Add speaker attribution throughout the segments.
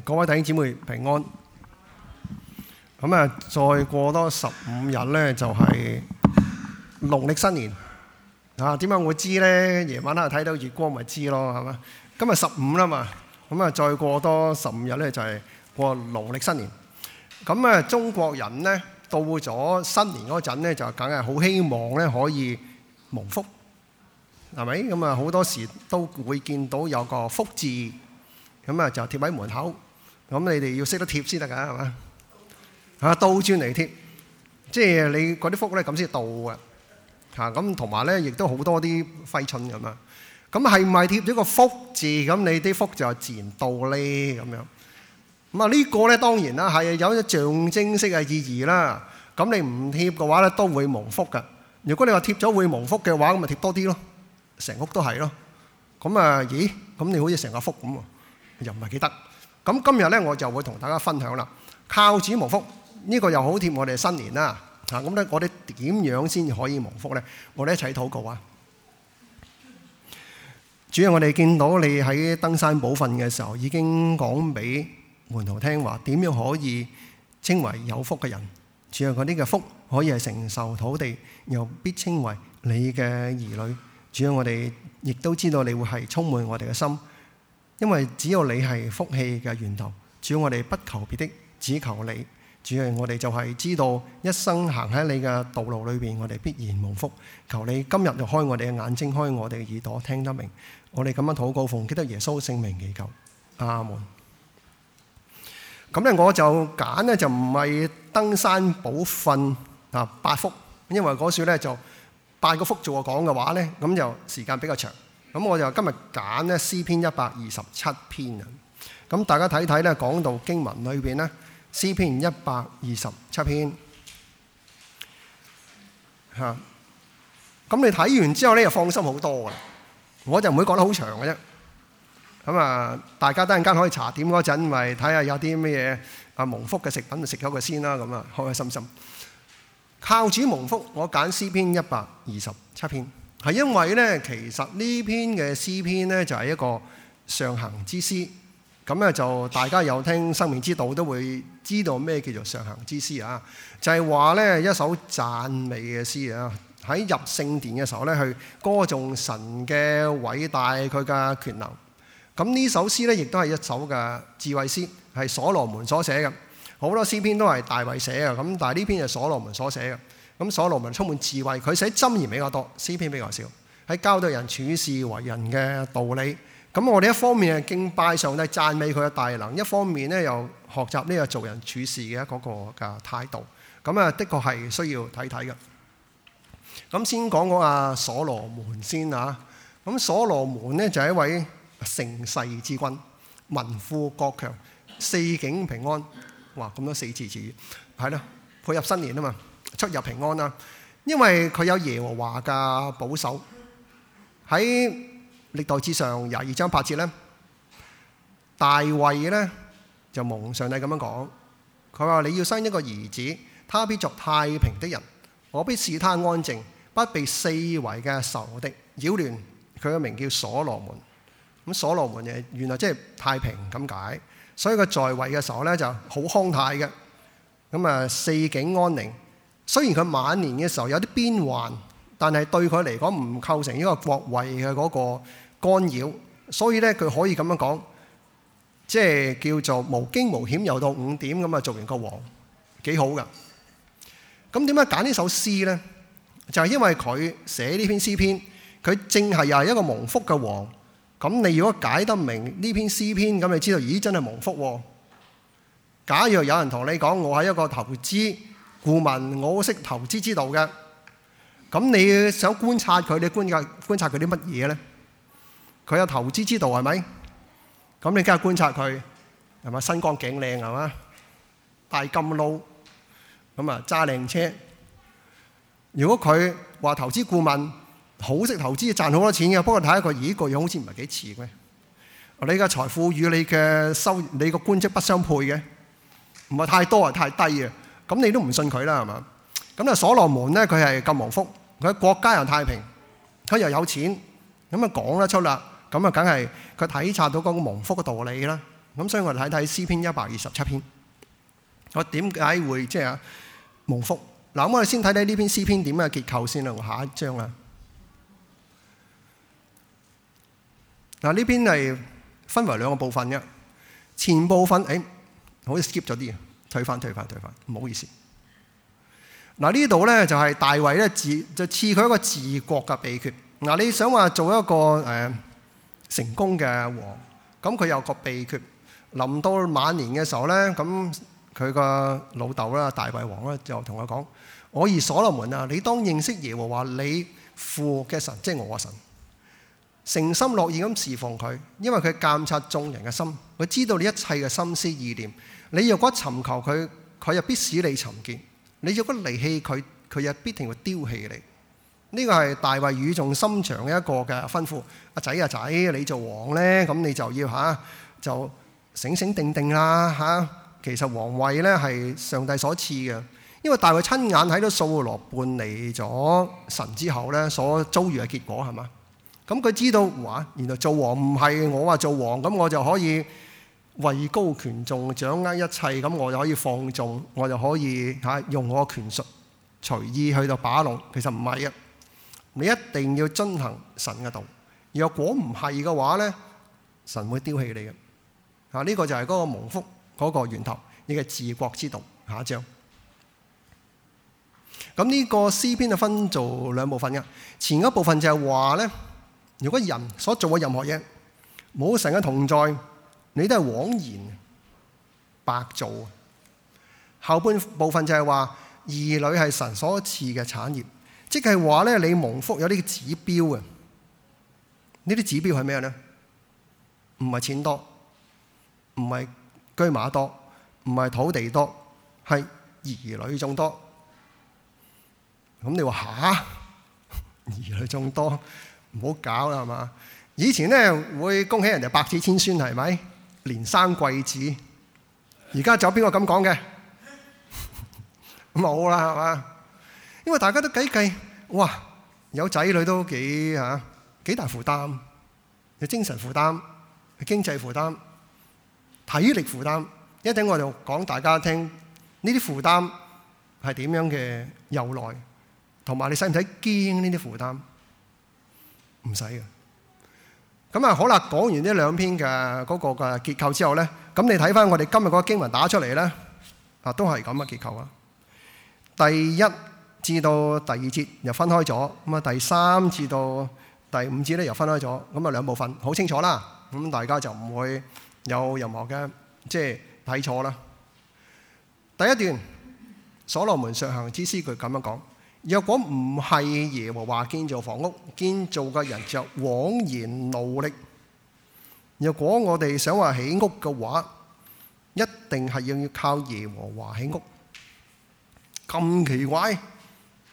Speaker 1: 各位弟兄姊妹平安。咁啊，再過多十五日咧，就係農曆新年。啊，點解會知咧？夜晚啦，睇到月光咪知咯，係嘛？今日十五啦嘛，咁啊，再過多十五日咧，就係過農曆新年。咁啊，中國人咧，到咗新年嗰陣咧，就梗係好希望咧可以蒙福，係咪？咁啊，好多時都會見到有個福字。咁啊，就貼喺門口。咁你哋要識得貼先得㗎，係嘛？啊，倒轉嚟貼，即係你嗰啲福咧咁先到嘅嚇。咁同埋咧，亦都好多啲廢塵咁啊。咁係咪貼咗個福字？咁你啲福就自然到咧咁樣。咁啊，呢個咧當然啦，係有啲象徵式嘅意義啦。咁你唔貼嘅話咧，都會無福嘅。如果你話貼咗會無福嘅話，咁咪貼多啲咯，成屋都係咯。咁啊，咦？咁你好似成個福咁啊！又唔係幾得，咁今日咧我就會同大家分享啦。靠主蒙福呢個又好貼我哋新年啦，吓，咁咧我哋點樣先可以蒙福咧？我哋一齊禱告啊！主啊，我哋見到你喺登山寶訓嘅時候已經講俾門徒聽話，點樣可以稱為有福嘅人？主要嗰啲嘅福可以係承受土地，又必稱為你嘅兒女。主要我哋亦都知道你會係充滿我哋嘅心。因為只要你係福氣嘅源頭，主要我哋不求別的，只求你。主要，我哋就係知道一生行喺你嘅道路裏邊，我哋必然蒙福。求你今日就開我哋嘅眼睛，開我哋嘅耳朵，聽得明。我哋咁樣禱告奉基督耶穌聖名祈求，阿門。咁咧我就揀咧就唔係登山寶訓啊八福，因為嗰時咧就八個福做我講嘅話咧，咁就時間比較長。咁我就今日揀咧詩篇一百二十七篇啊！咁大家睇睇咧，講到經文裏面咧，詩篇一百二十七篇嚇。咁你睇完之後咧，又放心好多噶。我就唔會講得好長嘅啫。咁啊，大家一陣間可以查點嗰陣，咪睇下有啲咩嘢啊蒙福嘅食品，食咗佢先啦。咁啊，開開心心。靠主蒙福，我揀詩篇一百二十七篇。係因為呢，其實呢篇嘅詩篇呢，就係一個上行之詩。咁呢就大家有聽生命之道都會知道咩叫做上行之詩啊。就係話呢一首讚美嘅詩啊，喺入聖殿嘅時候呢，去歌頌神嘅偉大，佢嘅權能。咁呢首詩呢，亦都係一首嘅智慧詩，係所羅門所寫嘅。好多詩篇都係大衛寫嘅，咁但係呢篇係所羅門所寫嘅。咁所羅門充滿智慧，佢寫箴言比較多，詩篇比較少。喺教導人處事為人嘅道理。咁我哋一方面敬拜上帝，讚美佢嘅大能，一方面咧又學習呢個做人處事嘅一個個嘅態度。咁啊，的確係需要睇睇嘅。咁先講講阿所羅門先啊。咁所羅門呢，就係一位盛世之君，民富國強，四境平安。哇，咁多四字詞，係咯，配合新年啊嘛。出入平安啦，因為佢有耶和華嘅保守。喺歷代志上廿二章八節咧。大衛咧就蒙上帝咁樣講，佢話：你要生一個兒子，他必作太平的人，我必使他安靜，不被四圍嘅仇敵擾亂。佢嘅名叫所羅門。咁所羅門就原來即係太平咁解，所以佢在位嘅時候咧就好康泰嘅。咁啊，四境安寧。雖然佢晚年嘅時候有啲邊患，但是對佢嚟講唔構成一個國位嘅嗰個干擾，所以咧佢可以咁樣講，即係叫做無驚無險又到五點咁啊，做完個王幾好的噶。咁點解揀呢首詩呢就係因為佢寫呢篇詩篇，佢正係又係一個蒙福嘅王。咁你如果解得明呢篇詩篇，你就知道咦，真係蒙福，啊。假如有人同你講我係一個投資，顧問，我識投資之道嘅。咁你想觀察佢，你觀察觀察佢啲乜嘢咧？佢有投資之道係咪？咁你梗係觀察佢係咪身光頸靚係嘛？戴金勞咁啊，揸靚車。如果佢話投資顧問好識投資賺好多錢嘅，不過睇下佢咦個樣好似唔係幾似嘅。你嘅財富與你嘅收你個官職不相配嘅，唔係太多係太低嘅。咁你都唔信佢啦，係嘛？咁啊，所羅門咧，佢係咁蒙福，佢國家又太平，佢又有錢，咁啊講得出啦。咁啊，梗係佢體察到嗰個蒙福嘅道理啦。咁所以我哋睇睇詩篇一百二十七篇，我點解會即係蒙福？嗱，我哋先睇睇呢篇詩篇點樣嘅結構先啦。我下一章啊，嗱呢篇係分為兩個部分嘅，前部分誒，好似 skip 咗啲。退返，退返，退返。唔好意思。嗱，呢度呢就係大衛呢，自就賜佢一個治國嘅秘訣。嗱，你想話做一個誒、呃、成功嘅王，咁佢有個秘訣。臨到晚年嘅時候呢，咁佢個老豆啦，大衛王呢，就同佢講：我兒所羅門啊，你當認識耶和華你父嘅神，即、就、係、是、我嘅神，誠心樂意咁侍奉佢，因為佢監察眾人嘅心，佢知道你一切嘅心思意念。你若果尋求佢，佢又必使你尋見；你若果離棄佢，佢又必定會丟棄你。呢、這個係大衛語重心長嘅一個嘅吩咐。阿仔啊仔、啊啊啊，你做王呢？咁你就要吓、啊、就醒醒定定啦吓、啊。其實王位呢係上帝所賜嘅，因為大衛親眼睇到掃羅叛離咗神之後呢，所遭遇嘅結果係嘛。咁佢知道哇，原來做王唔係我話做王咁，我就可以。位高權重，掌握一切，咁我就可以放縱，我就可以吓用我嘅權術隨意去到把弄。其實唔係啊，你一定要遵行神嘅道。若果唔係嘅話咧，神會丟棄你嘅。吓，呢個就係嗰個蒙福嗰、那個源頭，你嘅治國之道。下一章。咁、這、呢個詩篇就分做兩部分嘅，前一部分就係話咧，如果人所做嘅任何嘢冇神嘅同在。你都是枉然，白做。後半部分就係話兒女是神所賜嘅產業，即係話咧你蒙福有啲指標。這呢啲指標係咩呢？唔係錢多，唔係車馬多，唔係土地多，是兒女眾多。咁你話吓？兒女眾多，唔好搞啦，係咪？以前呢，會恭喜人哋百子千孫，係咪？連生貴子，而家仲有邊個咁講嘅？冇 啦，係嘛？因為大家都計計，哇，有仔女都幾吓，幾、啊、大負擔，有精神負擔，有經濟負擔，體力負擔。一等我哋講大家聽，呢啲負擔係點樣嘅由來，同埋你使唔使驚呢啲負擔？唔使嘅。咁啊，好啦，講完呢兩篇嘅嗰個嘅結構之後咧，咁你睇返我哋今日個經文打出嚟咧，啊，都係咁嘅結構啊！第一至到第二節又分開咗，咁啊，第三至到第五節咧又分開咗，咁啊，兩部分好清楚啦。咁大家就唔會有任何嘅即係睇錯啦。第一段，所羅門上行之詩佢咁樣講。若果唔係耶和華建造房屋，建造嘅人就枉然努力。若果我哋想話起屋嘅話，一定係要靠耶和華起屋。咁奇怪，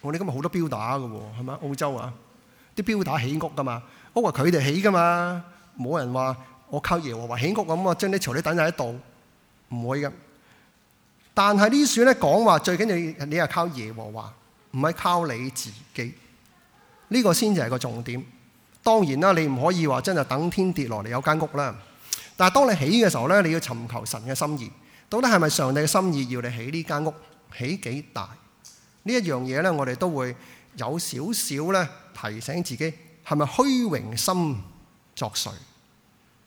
Speaker 1: 我哋今日好多標打嘅喎，係咪？澳洲啊，啲標打起屋噶嘛，屋係佢哋起噶嘛，冇人話我靠耶和華起屋咁啊，將啲草地等喺度，唔會嘅。但係呢書咧講話，最緊要你係靠耶和華。唔係靠你自己，呢個先至係個重點。當然啦，你唔可以話真係等天跌落嚟有間屋啦。但係當你起嘅時候呢，你要尋求神嘅心意，到底係咪上帝嘅心意要你起呢間屋，起幾大？呢一樣嘢呢，我哋都會有少少呢提醒自己，係咪虛榮心作祟？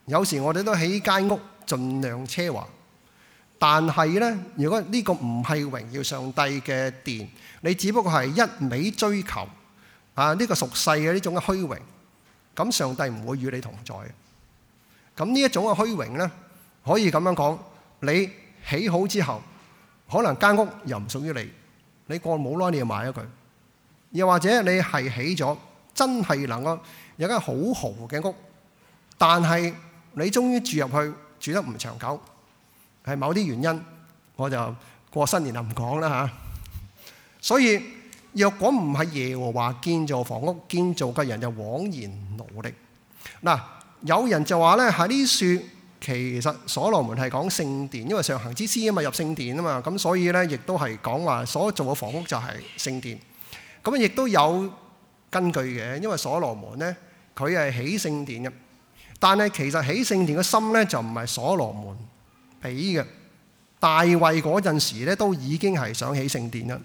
Speaker 1: 有時我哋都起間屋盡量奢華，但係呢，如果呢個唔係榮耀上帝嘅殿。你只不過係一味追求啊呢、呢個屬世嘅呢種虛榮，咁上帝唔會與你同在嘅。呢種虛榮呢，可以咁樣講，你起好之後，可能間屋又唔屬於你，你過冇耐你就買咗佢。又或者你係起咗，真係能夠有間好豪嘅屋，但係你終於住入去，住得唔長久，係某啲原因，我就過新年就唔講啦、啊所以若果唔係耶和華建造房屋，建造嘅人就枉然努力嗱。有人就話咧，喺呢書其實所羅門係講聖殿，因為上行之詩啊嘛，入聖殿啊嘛，咁所以咧亦都係講話所造嘅房屋就係聖殿。咁亦都有根據嘅，因為所羅門咧佢係起聖殿嘅，但係其實起聖殿嘅心咧就唔係所羅門俾嘅，大衛嗰陣時咧都已經係想起聖殿啦。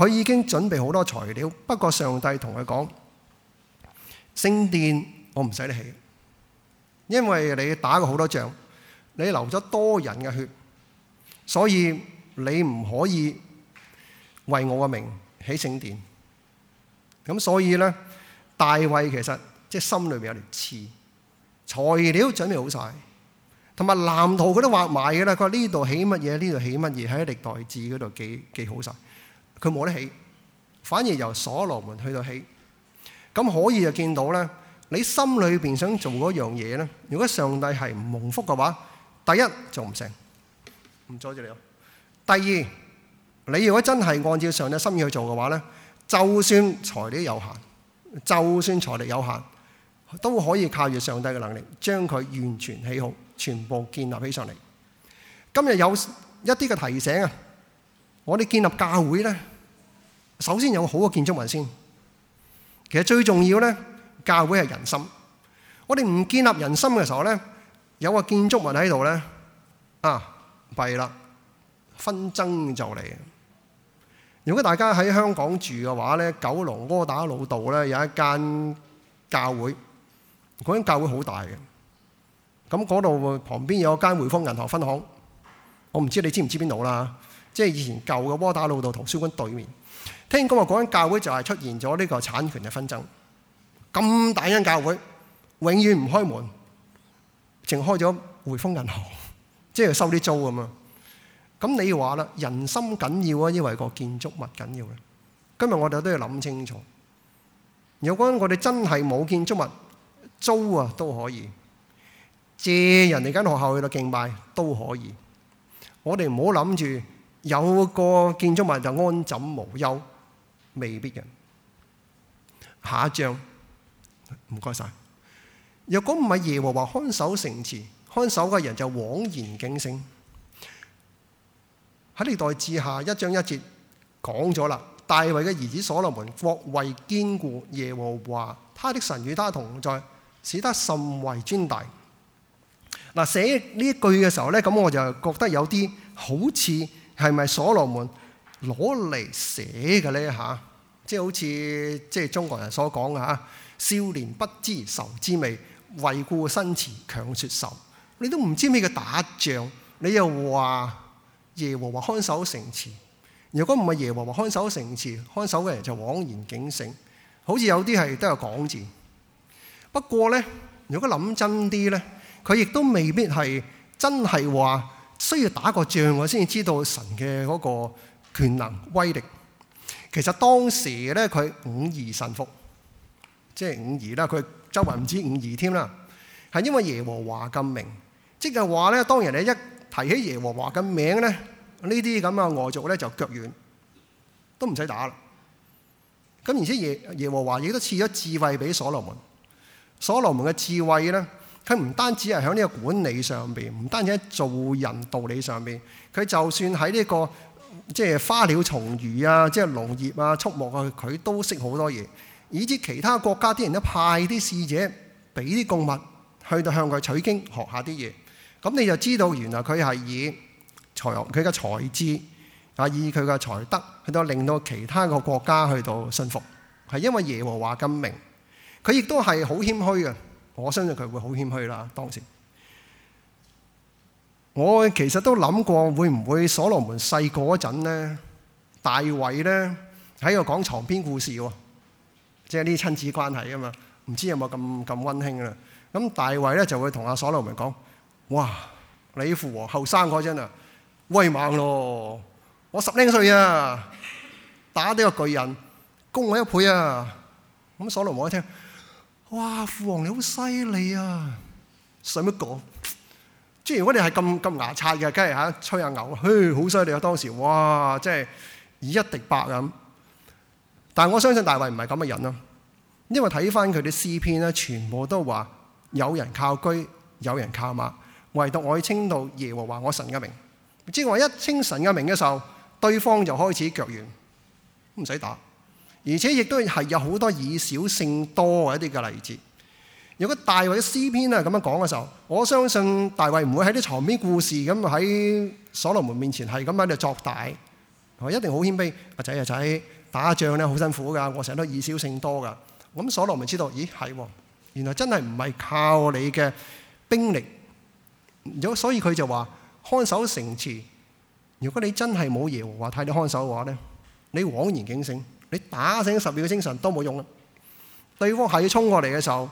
Speaker 1: 佢已經準備好多材料，不過上帝同佢講，聖殿我唔使得起，因為你打過好多仗，你流咗多人嘅血，所以你唔可以為我嘅名起聖殿。咁所以咧，大衛其實即係心裏邊有條刺，材料準備好曬，同埋藍圖佢都畫埋㗎啦。佢話呢度起乜嘢？呢度起乜嘢？喺歷代志嗰度記記好曬。佢冇得起，反而由所羅門去到起，咁可以就見到咧，你心裏邊想做嗰樣嘢咧，如果上帝係唔蒙福嘅話，第一就唔成，唔阻住你。第二，你如果真係按照上帝心意去做嘅話咧，就算財力有限，就算財力有限，都可以靠住上帝嘅能力，將佢完全起好，全部建立起上嚟。今日有一啲嘅提醒啊，我哋建立教會咧。首先有好嘅建築物先，其實最重要咧，教會係人心。我哋唔建立人心嘅時候咧，有個建築物喺度咧，啊，弊啦，紛爭就嚟。如果大家喺香港住嘅話咧，九龍窩打老道咧有一間教會，嗰間教會好大嘅，咁嗰度旁邊有一間匯豐銀行分行，我唔知你知唔知邊度啦。即係以前舊嘅窩打老道圖書館對面。聽講話嗰間教會就係出現咗呢個產權嘅紛爭，咁大間教會永遠唔開門，淨開咗匯豐銀行，即係收啲租咁嘛。咁你話啦，人心緊要啊，因為個建築物緊要咧。今日我哋都要諗清楚，如果我哋真係冇建築物租啊都可以，借人哋間學校去到敬拜都可以。我哋唔好諗住。有個建築物就安枕無憂，未必人下一章。唔該晒。若果唔係耶和華看守城池，看守嘅人就枉然警醒。喺歷代志下一章一節講咗啦，大衛嘅兒子所羅門國位堅固，耶和華他的神與他同在，使他甚為尊大。嗱，寫呢一句嘅時候咧，咁我就覺得有啲好似。係咪所羅門攞嚟寫嘅呢？嚇、啊？即、就、係、是、好似即係中國人所講，嚇、啊，少年不知愁滋味，為故新詞強說愁。你都唔知咩叫打仗，你又話耶和華看守城池。如果唔係耶和華看守城池，看守嘅人就枉然警醒。好似有啲係都有講字。不過咧，如果諗真啲咧，佢亦都未必係真係話。需要打個仗，我先至知道神嘅嗰個權能威力。其實當時咧，佢五義神服，即係五義啦。佢周圍唔止五義添啦，係因為耶和華咁明，即係話咧，當人咧一提起耶和華嘅名咧，呢啲咁嘅外族咧就腳軟，都唔使打啦。咁而且耶耶和華亦都賜咗智慧俾所羅門，所羅門嘅智慧咧。佢唔單止係喺呢個管理上邊，唔單止喺做人道理上邊，佢就算喺呢個即係花鳥蟲魚啊，即係農業啊、畜牧啊，佢都識好多嘢。以至其他國家啲人都派啲使者俾啲貢物，去到向佢取經，學一下啲嘢。咁你就知道原來佢係以才，佢嘅才智啊，以佢嘅才德去到令到其他嘅國家去到信服，係因為耶和華甘明。佢亦都係好謙虛嘅。我相信佢會好謙虛啦。當時，我其實都諗過會唔會所羅門細個嗰陣咧，大衛咧喺度講床邊故事，即係啲親子關係啊嘛。唔知有冇咁咁溫馨啦。咁大衛咧就會同阿所羅門講：哇，你父王後生嗰陣啊，威猛咯！我十零歲啊，打呢個巨人，攻我一倍啊！咁所羅門一聽。哇，父王你好犀利啊！使乜講？即如果你係咁咁牙刷嘅，梗係吓吹下牛、嘘，好犀利啊！當時哇，即係以一敵百咁。但係我相信大衛唔係咁嘅人咯，因為睇翻佢啲詩篇咧，全部都話有人靠居，有人靠馬，唯獨我去稱到耶和華我神嘅名。即係我一稱神嘅名嘅時候，對方就開始腳軟，唔使打。而且亦都係有好多以少勝多嘅一啲嘅例子。如果大衛嘅詩篇係咁樣講嘅時候，我相信大衛唔會喺啲床邊故事咁喺所羅門面前係咁喺度作大，一定好謙卑。阿仔啊仔、啊啊，打仗咧好辛苦㗎，我成日都以少勝多㗎。咁所羅門知道，咦係，原來真係唔係靠你嘅兵力。所以佢就話看守城池，如果你真係冇耶和華替你看守嘅話咧，你枉然警醒。你打醒十二個精神都冇用啦，對方係要衝過嚟嘅時候，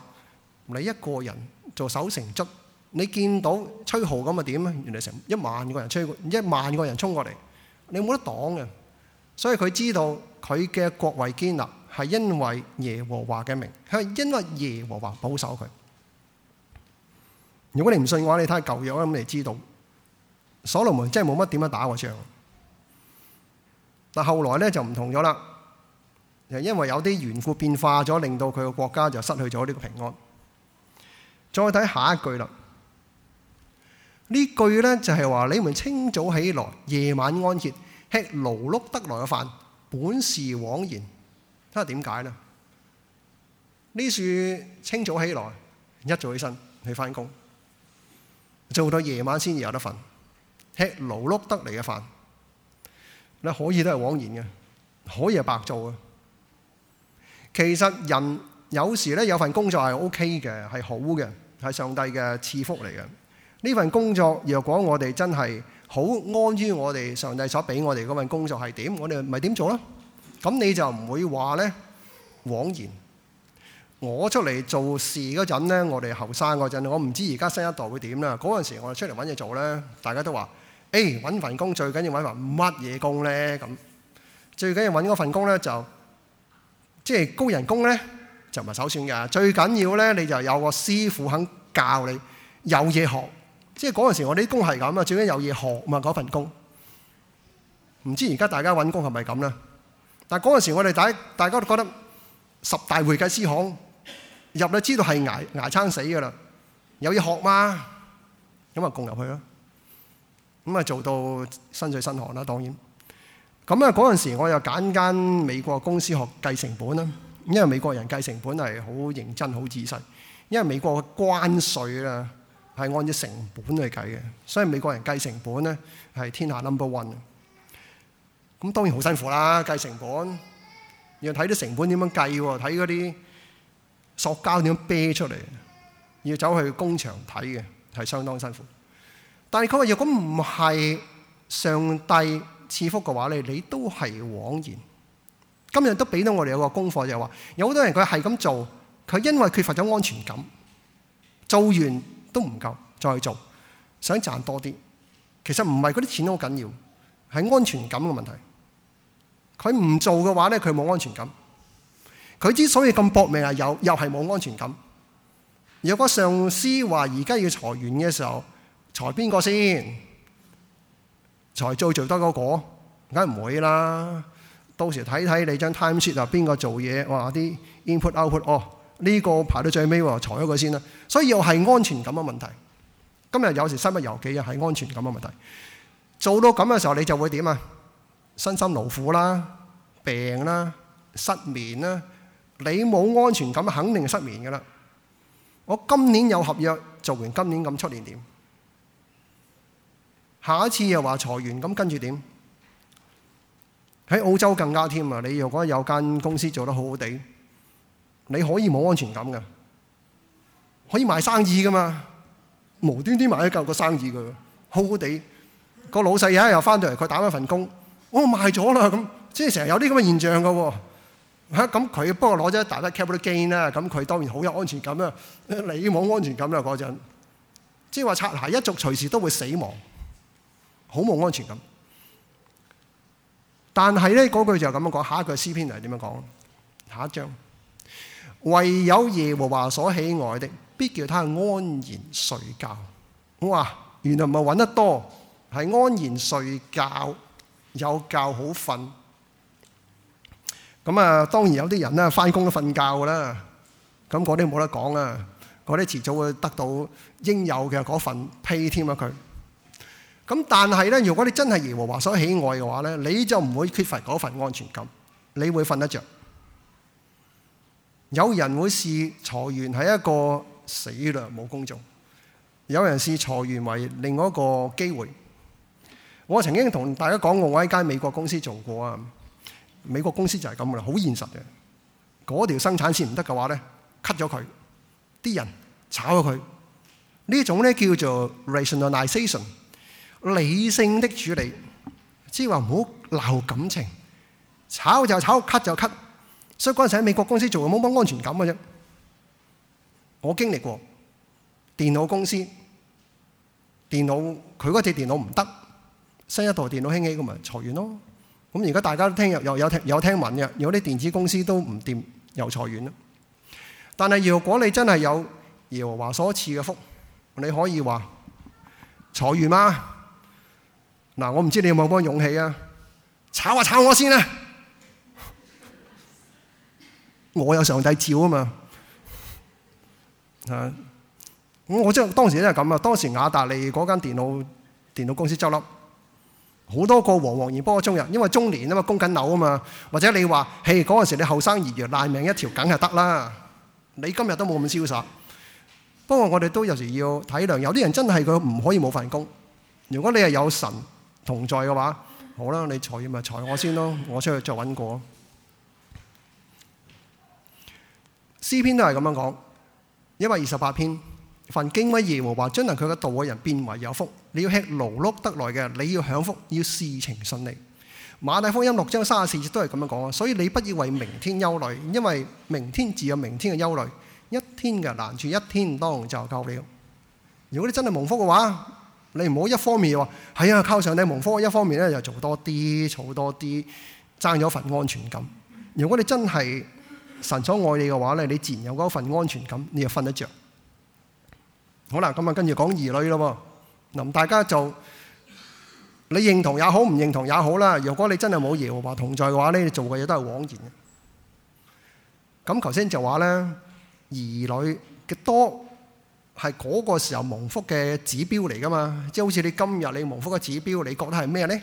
Speaker 1: 你一個人做守城卒，你見到吹號咁啊，點啊？原來成一萬個人吹，一萬個人衝過嚟，你冇得擋嘅。所以佢知道佢嘅國衛建立係因為耶和華嘅名，係因為耶和華保守佢。如果你唔信嘅話，你睇舊約，咁你就知道，所羅門真係冇乜點樣打過仗。但後來咧就唔同咗啦。因為有啲緣故變化咗，令到佢個國家就失去咗呢個平安。再睇下一句啦，這句呢句咧就係、是、話：你們清早起來，夜晚安歇，吃勞碌得來嘅飯，本是枉然。睇下點解咧？呢樹清早起來，一早起身去翻工，做到夜晚先至有得瞓，吃勞碌得嚟嘅飯，你可以都係枉然嘅，可以係白做嘅。其實人有時咧有份工作係 OK 嘅，係好嘅，係上帝嘅賜福嚟嘅。呢份工作，若果我哋真係好安於我哋上帝所俾我哋嗰份工作係點，我哋咪點做咯。咁你就唔會話咧枉然。我出嚟做事嗰陣咧，我哋後生嗰陣，我唔知而家新一代會點啦。嗰陣時我哋出嚟揾嘢做咧，大家都話：誒揾份工最緊要揾埋乜嘢工咧？咁最緊要揾嗰份工咧就。即係高人工咧就唔係首選㗎，最緊要咧你就有個師傅肯教你有嘢學。即係嗰陣時我啲工係咁啊，最緊有嘢學嘛，嗰份工。唔知而家大家揾工係咪咁咧？但係嗰陣時我哋大大家都覺得十大會計師行入啦，知道係挨挨撐死㗎啦，有嘢學嘛，咁啊共入去啦，咁啊做到身水身汗啦，當然。咁啊！嗰陣時我又揀間美國公司學計成本啦，因為美國人計成本係好認真、好自信。因為美國嘅關稅啊，係按照成本去計嘅，所以美國人計成本咧係天下 number one。咁當然好辛苦啦，計成本要睇啲成本點樣計喎，睇嗰啲塑膠點樣啤出嚟，要走去工場睇嘅係相當辛苦。但係佢話：如果唔係上帝賜福嘅話咧，你都係枉然。今日都俾到我哋有個功課，就係話有好多人佢係咁做，佢因為缺乏咗安全感，做完都唔夠，再做，想賺多啲。其實唔係嗰啲錢好緊要，係安全感嘅問題。佢唔做嘅話咧，佢冇安全感。佢之所以咁搏命係有，又係冇安全感。如果上司話而家要裁員嘅時候，裁邊個先？才再做得個梗唔會啦。到時睇睇你張 time sheet 啊，邊個做嘢？哇！啲 input output 哦，呢個排到最尾喎，藏咗佢先啦。所以又係安全感嘅問題。今日有時身不由己啊，係安全感嘅問題。做到咁嘅時候，你就會點啊？身心勞苦啦，病啦，失眠啦。你冇安全感，肯定失眠㗎喇。我今年有合約，做完今年咁，出年點？下一次又話裁員，咁跟住點？喺澳洲更加添啊！你若果有間公司做得好好地，你可以冇安全感嘅，可以賣生意噶嘛？無端端買一嚿個生意嘅，好好地，個老細呀又翻到嚟，佢打咗份工，哦賣咗啦咁，即係成日有啲咁嘅現象嘅嚇。咁佢不過攞咗一大筆 capital gain 啦，咁佢當然好有安全感啊。你冇安全感啦嗰陣，即係話擦鞋一族隨時都會死亡。好冇安全感，但係咧，嗰句就咁樣講，下一句詩篇嚟點樣講？下一章，唯有耶和華所喜愛的，必叫他安然睡覺。哇，原來唔係搵得多，係安然睡覺，有覺好瞓。咁啊，當然有啲人咧翻工都瞓覺啦，咁嗰啲冇得講啊，嗰啲遲早會得到應有嘅嗰份 pay 添啊佢。咁但係咧，如果你真係耶和華所喜愛嘅話咧，你就唔會缺乏嗰份安全感，你會瞓得着。有人會視裁員係一個死嘞，冇工做；有人視裁員為另外一個機會。我曾經同大家講過，我喺間美國公司做過啊，美國公司就係咁啦，好現實嘅。嗰條生產線唔得嘅話咧，cut 咗佢，啲人炒咗佢。呢種咧叫做 rationalization。理性的處理，即係話唔好鬧感情，炒就炒，咳就咳。所以嗰陣喺美國公司做冇乜安全感嘅啫。我經歷過電腦公司，電腦，佢嗰隻電腦唔得，新一代電腦興起咁咪裁員咯。咁而家大家都聽有有有聽有聽聞嘅，有啲電子公司都唔掂又裁員啦。但係如果你真係有耶和華所賜嘅福，你可以話裁員嗎？嗱，我唔知你有冇嗰個勇氣啊？炒下、啊、炒我先啦、啊！我有上帝照啊嘛，啊！咁我真係當時都係咁啊！當時亞達利嗰間電腦電腦公司執笠，好多個黃黃然波中人，因為中年啊嘛，供緊樓啊嘛，或者你話，誒嗰陣時候你後生熱血，賴命一條梗係得啦。你今日都冇咁瀟灑，不過我哋都有時要體諒，有啲人真係佢唔可以冇份工。如果你係有神。同在嘅話，好啦，你裁咪裁我先咯，我出去再揾過。詩篇都係咁樣講，一百二十八篇。凡敬畏耶和華將能佢嘅道嘅人變為有福。你要吃勞碌得來嘅，你要享福，要事情順利。馬太福音六章三十四節都係咁樣講啊。所以你不要為明天憂慮，因為明天自有明天嘅憂慮。一天嘅難處，一天當就夠了。如果你真係蒙福嘅話，你唔好一方面話係啊靠上帝蒙福，一方面咧就是、做多啲、儲多啲、爭咗份安全感。如果你真係神所愛你嘅話咧，你自然有嗰份安全感，你就瞓得着。好啦，咁啊跟住講兒女咯。嗱，大家就你認同也好，唔認同也好啦。如果你真係冇耶和華同在嘅話咧，你做嘅嘢都係枉然嘅。咁頭先就話咧，兒女嘅多。係嗰個時候蒙福嘅指標嚟噶嘛？即係好似你今日你蒙福嘅指標，你覺得係咩咧？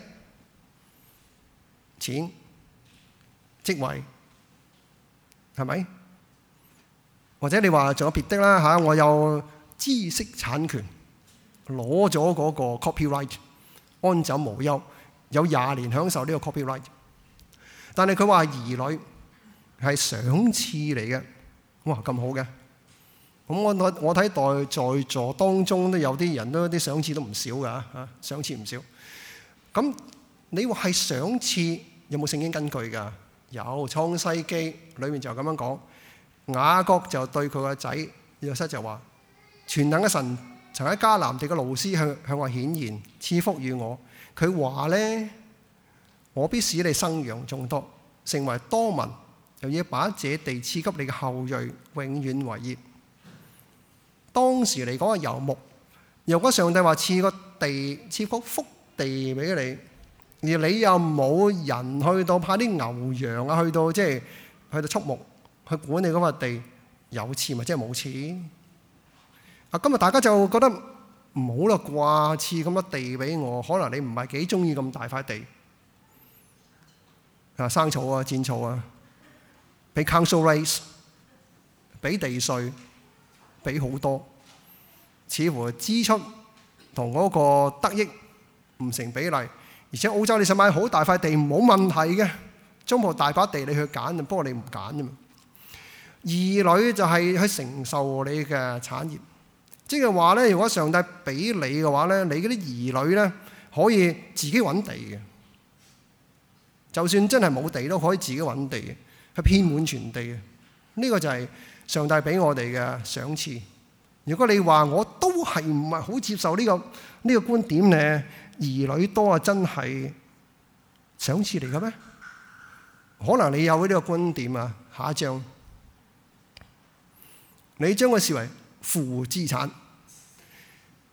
Speaker 1: 錢、職位係咪？或者你話仲有別的啦吓，我有知識產權，攞咗嗰個 copyright，安枕無憂，有廿年享受呢個 copyright。但係佢話兒女係賞賜嚟嘅，哇咁好嘅！咁我我睇代在座當中都有啲人都啲賞賜都唔少㗎嚇，賞賜唔少。咁你話係賞賜有冇聖經根據㗎？有，創世記裏面就咁樣講，雅各就對佢個仔約瑟就話，全能嘅神曾喺迦南地嘅路斯向向我顯現，賜福與我。佢話咧，我必使你生養眾多，成為多民，又要把這地賜給你嘅後裔，永遠為業。當時嚟講係遊牧，如果上帝話賜個地，賜幅幅地俾你，而你又冇人去到，派啲牛羊啊去到，即係去到畜牧去管理嗰塊地，有錢咪即係冇錢。啊，今日大家就覺得唔好啦啩，賜咁多地俾我，可能你唔係幾中意咁大塊地啊，生草啊，剪草啊，俾 Council Rate，俾地稅。比好多，似乎支出同嗰個得益唔成比例，而且澳洲你想買好大塊地冇問題嘅，中部大把地你去揀，不過你唔揀啫嘛。兒女就係去承受你嘅產業，即係話咧，如果上帝俾你嘅話咧，你嗰啲兒女咧可以自己搵地嘅，就算真係冇地都可以自己搵地嘅，去遍滿全地嘅，呢個就係。上帝俾我哋嘅賞賜。如果你話我都係唔係好接受呢、呢個呢、呢個觀點呢，兒女多呀，真係賞賜嚟嘅咩？可能你有呢個觀點呀。下一章，你將佢視為負資產。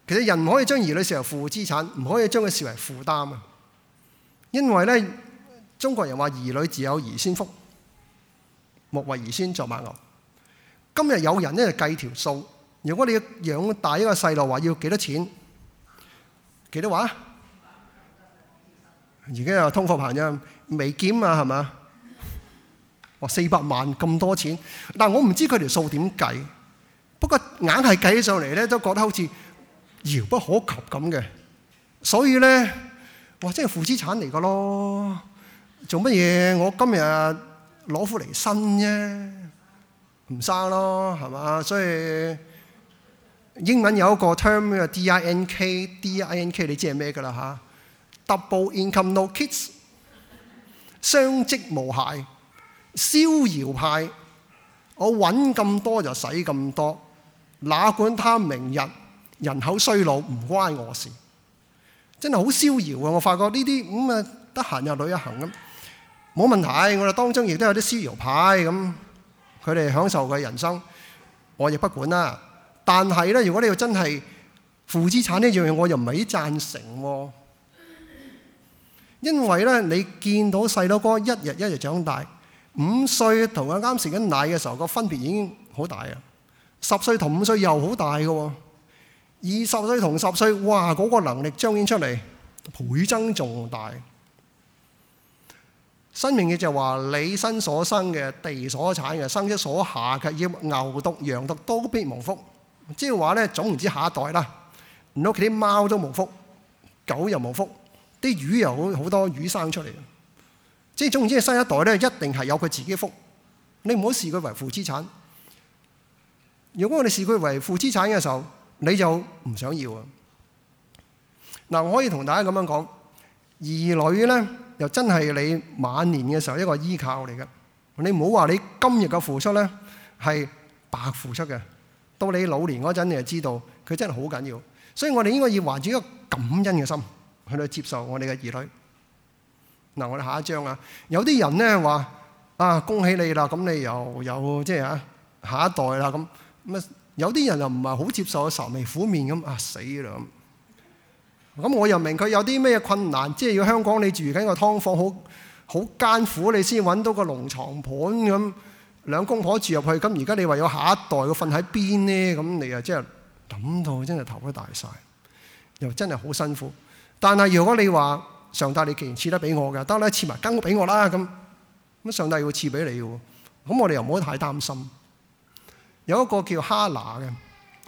Speaker 1: 其實人唔可以將兒女視為負資產，唔可以將佢視為負擔啊。因為呢，中國人話兒女自有兒孫福，莫為兒孫做馬牛。今日有人咧計條數，如果你養大一個細路話，要幾多錢？幾多話？而家又通貨膨脹，未減啊，係嘛？話四百萬咁多錢，但係我唔知佢條數點計。不過硬係計起上嚟咧，都覺得好似遙不可及咁嘅。所以咧，哇！真係負資產嚟噶咯。做乜嘢？我今日攞苦嚟辛啫。唔生咯，係嘛？所以英文有一個 term 叫 D.I.N.K.D.I.N.K. 你知係咩噶啦？吓？Double income no kids，相即無限。逍遙派。我揾咁多就使咁多，哪管他明日人口衰老唔關我事。真係好逍遙啊！我發覺呢啲咁啊，得閒又旅一行咁冇問題。我哋當中亦都有啲逍遙派咁。嗯佢哋享受嘅人生，我亦不管啦。但係咧，如果你要真係負資產呢樣嘢，我又唔係啲贊成喎。因為咧，你見到細佬哥一日一日長大，五歲同佢啱食緊奶嘅時候，個分別已經好大啊。十歲同五歲又好大嘅喎，二十歲同十歲，哇！嗰、那個能力彰顯出嚟，倍增仲大。申命記就係話：你身所生嘅、地所產嘅、牲畜所下嘅，要牛犢羊讀都必蒙福。即係話咧，總唔知下一代啦，你屋企啲貓都蒙福，狗又蒙福，啲魚又好好多魚生出嚟。即係總言之，新一代咧一定係有佢自己福。你唔好視佢為負資產。如果我哋視佢為負資產嘅時候，你就唔想要啊。嗱，我可以同大家咁樣講，兒女咧。又真係你晚年嘅時候一個依靠嚟嘅，你唔好話你今日嘅付出咧係白付出嘅，到你老年嗰陣你就知道佢真係好緊要，所以我哋應該要懷住一個感恩嘅心去去接受我哋嘅兒女。嗱，我哋下一章啊，有啲人咧話啊，恭喜你啦，咁你又有即係啊下一代啦咁咁啊，有啲人又唔係好接受，愁眉苦面咁啊死啦咁。咁我又明佢有啲咩困難，即係要香港你住緊個劏房，好好艱苦，你先揾到個龍床盤咁兩公婆住入去。咁而家你話有下一代佢瞓喺邊呢？咁你啊真係諗到真係頭都大晒，又真係好辛苦。但係如果你話上帝，你既然賜得俾我嘅，得咧，賜埋間屋俾我啦。咁咁上帝會賜俾你嘅。咁我哋又唔好太擔心。有一個叫哈拿嘅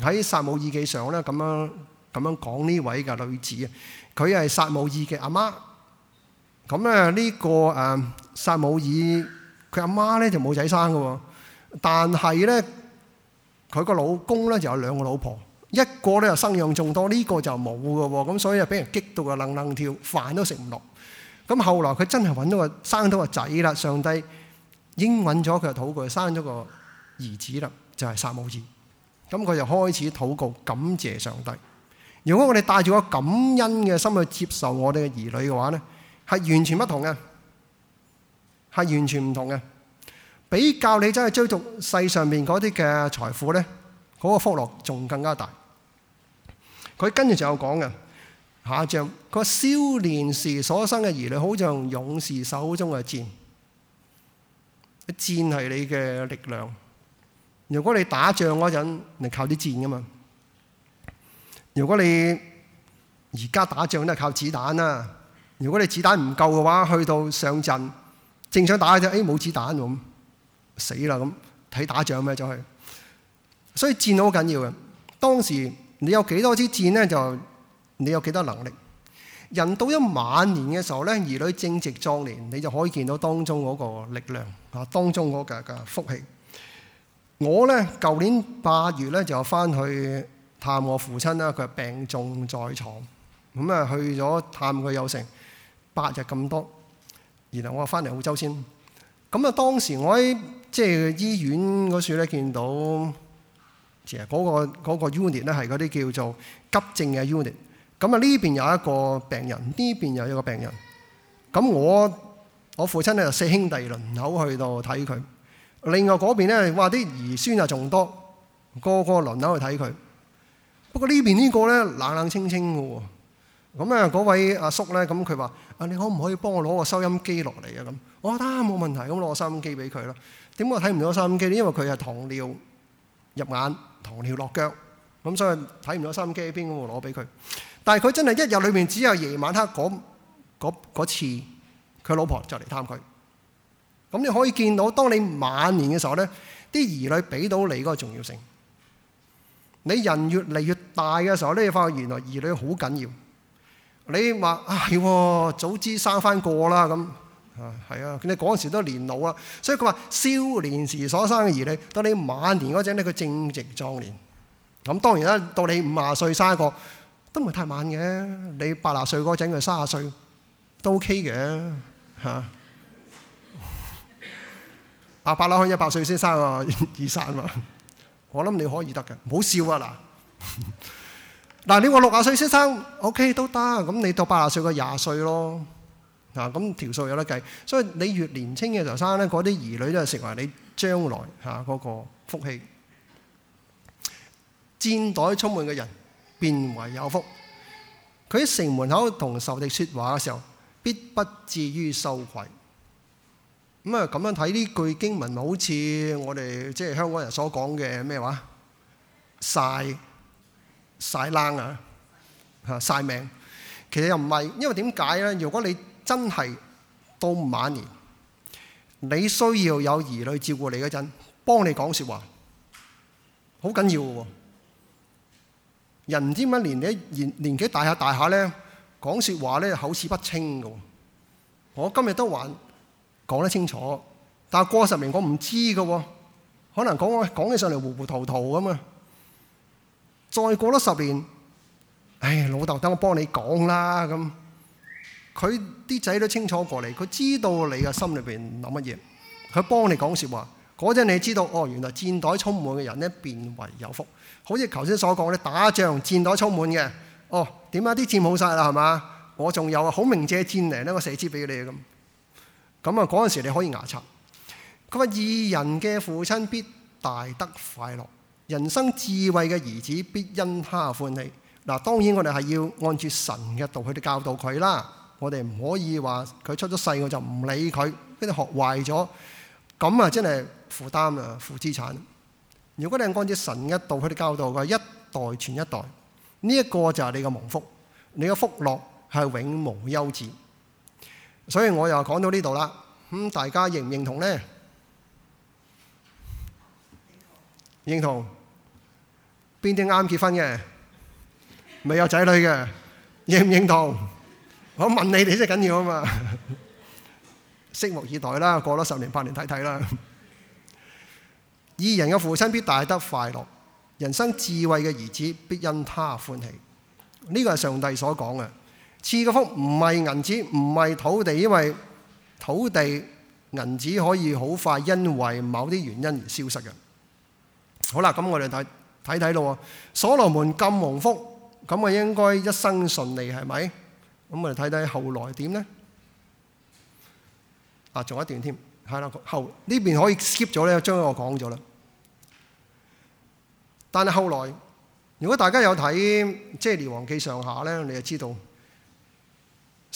Speaker 1: 喺撒母耳記上咧咁樣。咁樣講呢位嘅女子，她是的、這個、啊，佢係撒母耳嘅阿媽。咁咧呢個誒撒母耳佢阿媽咧就冇仔生嘅喎，但係咧佢個老公咧就有兩個老婆，一個咧又生養眾多，呢、這個就冇嘅，咁，所以啊俾人激到啊，愣愣跳，飯都食唔落。咁後來佢真係揾到個生到個仔啦，上帝應允咗佢，就禱佢，生咗個兒子啦，就係、是、撒母耳。咁佢就開始禱告感謝上帝。如果我哋帶住個感恩嘅心去接受我哋嘅兒女嘅話咧，係完全不同嘅，係完全唔同嘅。比較你真係追逐世上面嗰啲嘅財富咧，嗰個福樂仲更加大。佢跟住就又講嘅，下一章佢話少年時所生嘅兒女，好像勇士手中嘅箭，箭係你嘅力量。如果你打仗嗰陣，你靠啲箭噶嘛。如果你而家打仗都係靠子彈啊！如果你子彈唔夠嘅話，去到上陣正想打嘅啫，哎冇子彈咁死啦咁，睇打仗咩就係、是。所以箭好緊要嘅，當時你有幾多支箭咧，就你有幾多能力。人到咗晚年嘅時候咧，兒女正值壯年，你就可以見到當中嗰個力量啊，當中嗰個嘅福氣。我咧舊年八月咧就返去。探我父親啦，佢係病重在床，咁啊去咗探佢有成八日咁多。然後我話翻嚟澳洲先。咁啊當時我喺即係醫院嗰處咧見到，其實嗰個 unit 咧係嗰啲叫做急症嘅 unit。咁啊呢邊有一個病人，呢邊有一個病人。咁我我父親咧就四兄弟輪流去到睇佢。另外嗰邊咧哇啲兒孫啊仲多，個個輪流去睇佢。不過這邊這呢邊呢個咧冷冷清清嘅，咁啊嗰位阿叔咧，咁佢話：啊，你可唔可以幫我攞個收音機落嚟啊？咁我得，冇問題，咁攞個收音機俾佢啦。點解睇唔到收音機呢？因為佢係糖尿入眼，糖尿落腳，咁所以睇唔到收音機。邊咁我攞俾佢。但係佢真係一日裏面只有夜晚黑嗰次，佢老婆就嚟探佢。咁你可以見到，當你晚年嘅時候咧，啲兒女俾到你嗰個重要性。你人越嚟越大嘅時候，咧，你發覺原來兒女好緊要。你話啊，係、哎、喎，早知生翻個啦咁啊，係啊。你嗰陣時都年老啊，所以佢話少年時所生嘅兒女，到你晚年嗰陣咧，佢正值壯年。咁當然啦，到你五廿歲生一個都唔係太晚嘅。你八廿歲嗰陣佢三十歲都 OK 嘅嚇。阿伯啦，開一百歲先生啊，二散啊。 我諗你可以得嘅，唔好笑啊嗱！嗱，你話六十歲先生，OK 都得，咁你到八十歲個廿歲咯，嗱咁條數有得計，所以你越年青嘅時候生咧，嗰啲兒女都係成為你將來嚇嗰個福氣。箭袋充滿嘅人，便為有福。佢喺城門口同仇敵説話嘅時候，必不至於羞愧。咁啊，咁樣睇呢句經文，咪好似我哋即係香港人所講嘅咩話？曬曬冷啊，嚇曬命。其實又唔係，因為點解咧？如果你真係到晚年，你需要有兒女照顧你嗰陣，幫你講説話，好緊要嘅喎。人唔知點解年年年紀大下大下咧，講説話咧口齒不清嘅。我今日都還，講得清楚，但係過十年我唔知噶、哦，可能講講起上嚟糊糊塗塗咁啊！再過多十年，唉、哎，老豆，等我幫你講啦咁。佢啲仔都清楚過嚟，佢知道你嘅心裏邊諗乜嘢，佢幫你講説話。嗰陣你知道哦，原來箭袋充滿嘅人咧，便為有福。好似頭先所講咧，打仗箭袋充滿嘅，哦，點解啲箭冇晒啦，係嘛？我仲有啊，好明借箭嚟咧，我射支俾你咁。咁啊，嗰陣時你可以牙擦。佢話：義人嘅父親必大得快樂，人生智慧嘅兒子必因他歡喜。嗱，當然我哋係要按照神嘅道去啲教導佢啦。我哋唔可以話佢出咗世我就唔理佢，跟住學壞咗，咁啊真係負擔啊，負資產。如果你按照神嘅道去啲教導佢，一代傳一代，呢一個就係你嘅蒙福，你嘅福樂係永無休止。所以我又講到呢度啦，大家認唔認同呢？認同，邊啲啱結婚嘅，未有仔女嘅，認唔認同？我問你哋先緊要啊嘛，拭目以待啦，過了十年八年睇睇啦。二人嘅父親必大得快樂，人生智慧嘅兒子必因他歡喜，呢、這個係上帝所講嘅。賜嗰福唔係銀紙，唔係土地，因為土地銀紙可以好快，因為某啲原因而消失嘅。好啦，咁我哋睇睇睇咯。所羅門咁鴻福，咁啊，應該一生順利係咪？咁我哋睇睇後來點咧？啊，仲一段添，係啦。後呢邊可以 skip 咗咧，將我講咗啦。但係後來，如果大家有睇即係《列王記》上下咧，你就知道。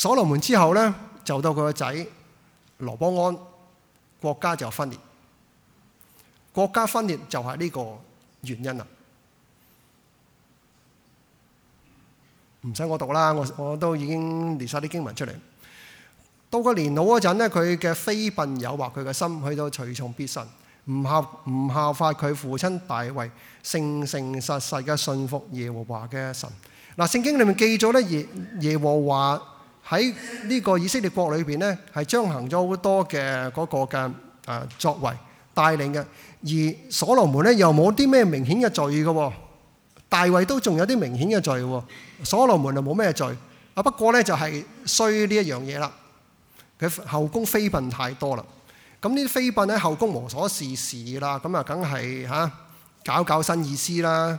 Speaker 1: 所羅門之後咧，就到佢個仔羅波安，國家就分裂。國家分裂就係呢個原因啦。唔使我讀啦，我我都已經列晒啲經文出嚟。到個年老嗰陣呢，佢嘅妃嬪誘惑佢嘅心，去到隨從別神，唔效唔效法佢父親大衛，誠誠實實嘅信服耶和華嘅神。嗱，聖經裏面記咗咧耶耶和華。喺呢個以色列國裏邊咧，係將行咗好多嘅嗰個嘅啊作為帶領嘅，而所羅門咧又冇啲咩明顯嘅罪嘅，大衛都仲有啲明顯嘅罪，所羅門啊冇咩罪啊，不過咧就係衰呢一樣嘢啦，佢後宮妃嬪太多啦，咁呢啲妃嬪喺後宮無所事事啦，咁啊梗係嚇搞搞新意思啦。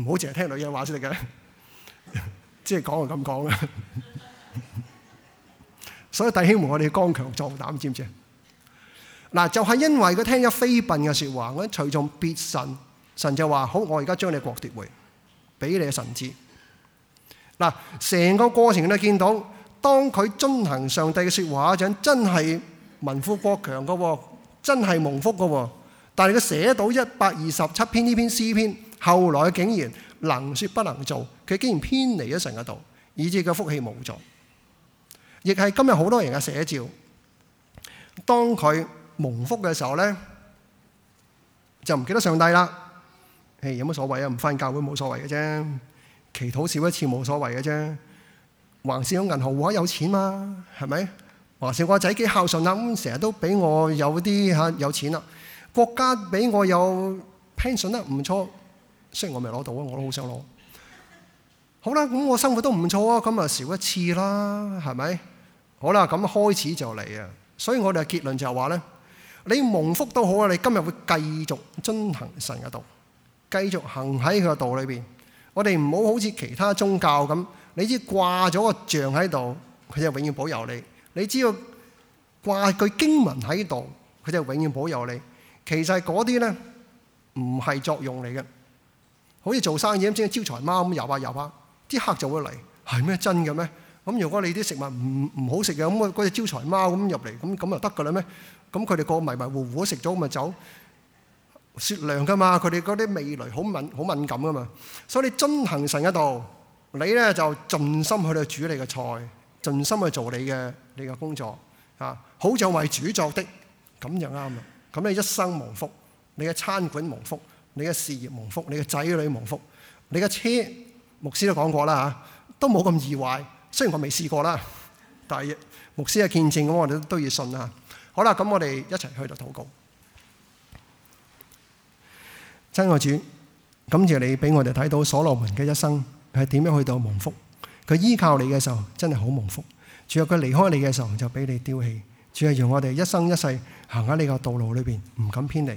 Speaker 1: 唔好淨係聽女人話先得嘅，即係講就咁講啦。所以弟兄們，我哋剛強壯膽，知唔知啊？嗱，就係因為佢聽咗妃嬪嘅說話，佢隨從別神，神就話：好，我而家將你國奪回，俾你嘅神治。嗱，成個過程你見到，當佢遵行上帝嘅說話嗰陣，真係民富國強嘅，真係蒙福嘅。但係佢寫到一百二十七篇呢篇詩篇。後來竟然能說不能做，佢竟然偏離咗神嘅道，以至佢福氣冇咗，亦係今日好多人嘅寫照。當佢蒙福嘅時候咧，就唔記得上帝啦。誒，有乜所謂啊？唔返教會冇所謂嘅啫，祈禱少一次冇所謂嘅啫。還是有銀行話有錢嘛？係咪？還是我仔幾孝順啊？咁成日都俾我有啲吓有錢啦。國家俾我有 pension 得唔錯。雖然我未攞到啊，我都好想攞。好啦，咁我生活都唔錯啊，咁啊少一次啦，係咪？好啦，咁開始就嚟啊。所以我哋嘅結論就係話咧，你蒙福都好啊，你今日會繼續遵行神嘅道，繼續行喺佢嘅道裏邊。我哋唔好好似其他宗教咁，你只要掛咗個像喺度，佢就永遠保佑你；你只要掛句經文喺度，佢就永遠保佑你。其實嗰啲咧，唔係作用嚟嘅。好似做生意咁，先招財貓咁遊下遊下，啲客就會嚟，係咩真嘅咩？咁如果你啲食物唔唔好食嘅，咁個嗰隻招財貓咁入嚟，咁咁就得噶啦咩？咁佢哋個迷迷糊糊食咗咁咪走，雪涼噶嘛？佢哋嗰啲味蕾好敏好敏感噶嘛？所以你遵行神嘅道，你咧就盡心去到煮你嘅菜，盡心去做你嘅你嘅工作啊，好像為主作的，咁就啱啦。咁你一生無福，你嘅餐館無福。你嘅事業蒙福，你嘅仔女蒙福，你嘅車，牧師都講過啦吓，都冇咁易壞。雖然我未試過啦，但係牧師嘅見證咁，我哋都要信啊。好啦，咁我哋一齊去到禱告。親愛的主，感謝你俾我哋睇到所羅門嘅一生係點樣去到蒙福。佢依靠你嘅時候，真係好蒙福。主啊，佢離開你嘅時候，就俾你丟棄。主要啊，讓我哋一生一世行喺你個道路裏邊，唔敢偏離。